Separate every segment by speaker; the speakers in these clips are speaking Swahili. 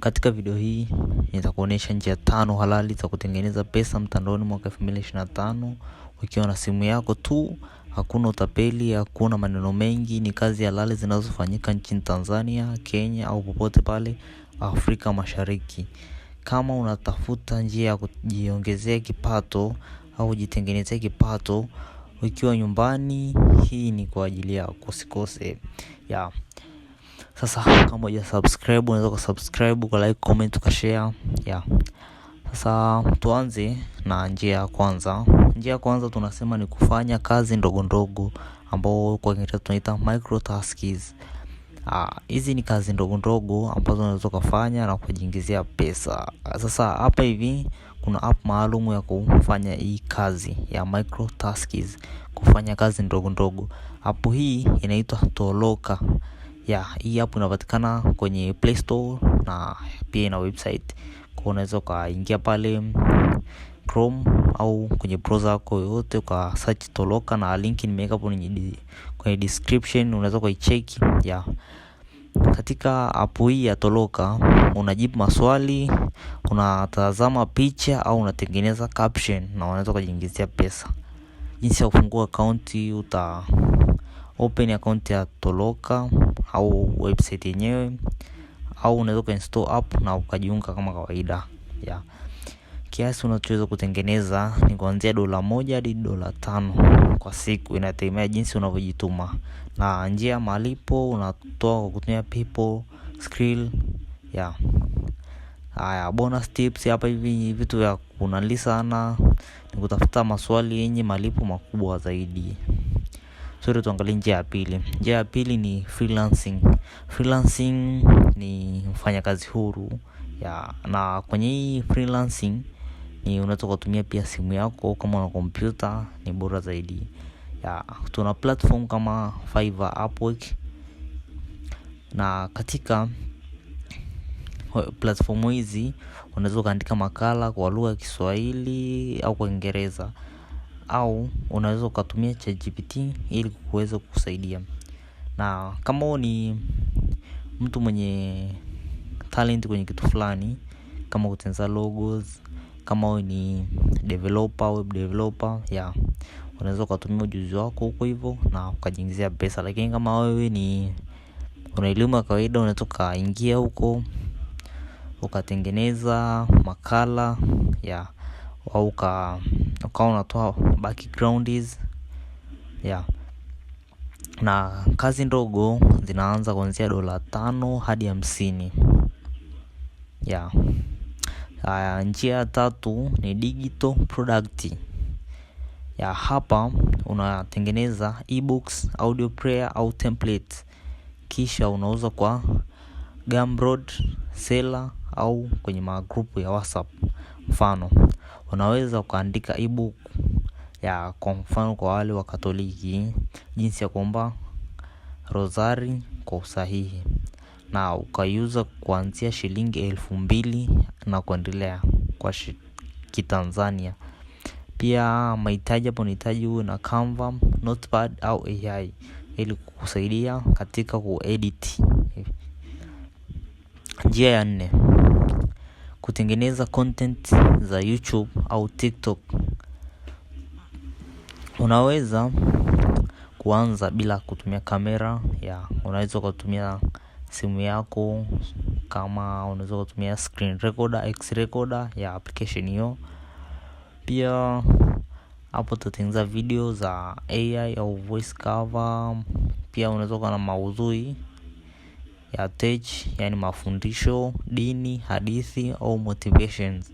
Speaker 1: Katika video hii nitakuonyesha njia tano halali za kutengeneza pesa mtandaoni mwaka 2025 ukiwa na simu yako tu. Hakuna utapeli, hakuna maneno mengi, ni kazi halali zinazofanyika nchini Tanzania, Kenya au popote pale Afrika Mashariki. Kama unatafuta njia ya kujiongezea kipato au kujitengenezea kipato ukiwa nyumbani, hii ni kwa ajili yako, usikose ya sasa kama uja subscribe unaweza kusubscribe kwa like, comment, ukashare yeah. Sasa tuanze na njia ya kwanza. Njia ya kwanza tunasema ni kufanya kazi ndogo ndogo ambao kwa Kiingereza tunaita micro ah, Hizi ni kazi ndogo ndogo ambazo unaweza ukafanya na kujiingizia pesa. Sasa hapa hivi kuna app maalum ya kufanya hii kazi ya micro tasks, kufanya kazi ndogo ndogo. App hii inaitwa Toloka ya hii app inapatikana kwenye Play Store na pia ina website, kwa unaweza ukaingia pale Chrome au kwenye browser yako yoyote uka search Toloka, na linki nimeweka hapo kwenye description, unaweza kuicheki ya Katika app hii ya Toloka unajibu maswali, unatazama picha au unatengeneza caption na unaweza kujiingizia pesa. Jinsi ya kufungua akaunti uta open account ya Toloka au website yenyewe, au unaweza ukainstall app na ukajiunga kama kawaida yeah. Kiasi unachoweza kutengeneza ni kuanzia dola moja hadi dola tano kwa siku, inategemea jinsi unavyojituma na njia ya malipo unatoa kwa kutumia people Skrill yeah. Haya, bonus tips hapa, hivi vitu vya kunali sana ni kutafuta maswali yenye malipo makubwa zaidi sote tuangalie njia ya pili. Njia ya pili ni freelancing. Freelancing ni mfanyakazi huru ya, na kwenye hii freelancing ni unaweza ukatumia pia simu yako kama una kompyuta, ni bora zaidi ya, tuna platform kama Fiverr, Upwork na katika platform hizi unaweza ukaandika makala kwa lugha ya Kiswahili au kwa Kiingereza au unaweza ukatumia ChatGPT ili kuweza kukusaidia. Na kama wewe ni mtu mwenye talent kwenye kitu fulani, kama kutengeneza logos, kama wewe ni developer, web developer, yeah, unaweza ukatumia ujuzi wako huko hivyo na ukajiingizia pesa. Lakini kama wewe ni una elimu ya kawaida, unaweza ukaingia huko ukatengeneza makala yeah au ukawa uka unatoa backgrounds yeah. Na kazi ndogo zinaanza kuanzia dola tano hadi hamsini yeah. Uh, njia ya tatu ni digital product ya hapa unatengeneza ebooks, audio prayer au template, kisha unauza kwa Gumroad, Seller au kwenye magrupu ya WhatsApp mfano. Unaweza ukaandika ebook ya kwa mfano kwa wale wa katoliki jinsi ya kuomba rosari kwa usahihi na ukaiuza kuanzia shilingi elfu mbili na kuendelea kwa kitanzania. Pia mahitaji hapo unahitaji uwe na Canva, Notepad au AI ili kukusaidia katika kuedit. Njia ya nne kutengeneza content za YouTube au TikTok. Unaweza kuanza bila kutumia kamera ya unaweza ukatumia simu yako kama unaweza ukatumia screen recorder, X recorder ya application hiyo. Pia hapo utatengeneza video za AI au voice cover. Pia unaweza ukawa na maudhui ya tech, yani mafundisho, dini, hadithi au motivations.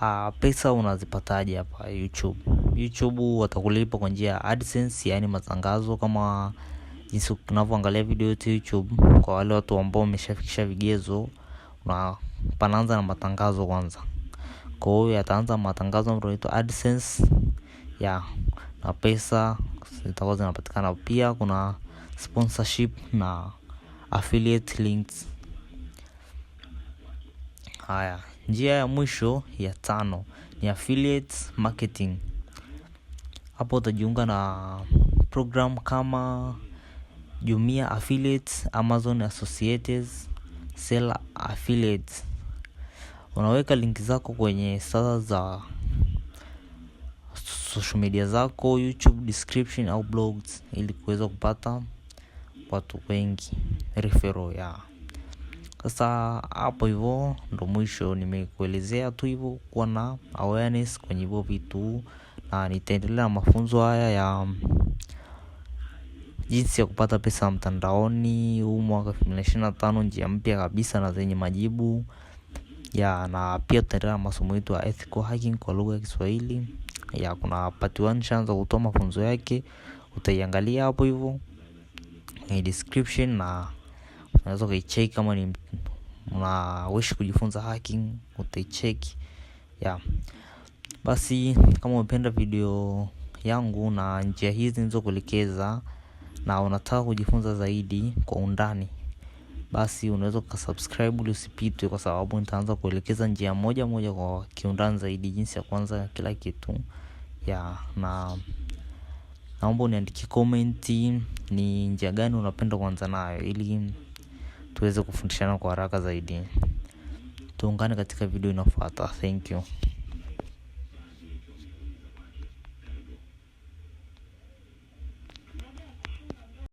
Speaker 1: Uh, pesa unazipataje hapa YouTube? YouTube watakulipa kwa njia ya AdSense, yani matangazo kama jinsi tunavyoangalia video yote YouTube. Kwa wale watu ambao wameshafikisha vigezo, na panaanza na matangazo kwanza. Kwa hiyo yataanza matangazo ambayo inaitwa AdSense ya Na pesa zitakuwa zinapatikana. Pia kuna sponsorship na affiliate links. Haya, njia ya mwisho ya tano ni affiliate marketing. Hapo utajiunga na program kama Jumia Affiliate, Amazon Associates, Seller Affiliate. Unaweka linki zako kwenye sasa za social media zako, YouTube description au blogs ili kuweza kupata watu wengi refero ya sasa hapo hivyo ndo mwisho, nimekuelezea tu hivyo kuwa na awareness kwenye hivyo vitu, na nitaendelea na mafunzo haya ya jinsi ya kupata pesa mtandaoni huu mwaka elfu njia mpya kabisa na zenye majibu ya, na pia tutaendelea na masomo yetu ya ethical hacking kwa lugha ya Kiswahili ya kuna part 1 shaanza kutoa mafunzo yake, utaiangalia hapo hivyo kwenye description, na unaweza ukaicheki kama ni una wish kujifunza hacking utaicheki ya yeah. Basi kama umependa video yangu na njia hizi nilizokuelekeza na unataka kujifunza zaidi kwa undani, basi unaweza ukasubscribe ili usipitwe, kwa sababu nitaanza kuelekeza njia moja moja kwa kiundani zaidi, jinsi ya kwanza kila kitu ya yeah, na naomba uniandikie komenti ni njia gani unapenda kuanza nayo ili tuweze kufundishana kwa haraka zaidi. Tuungane katika video inayofuata. Thank you.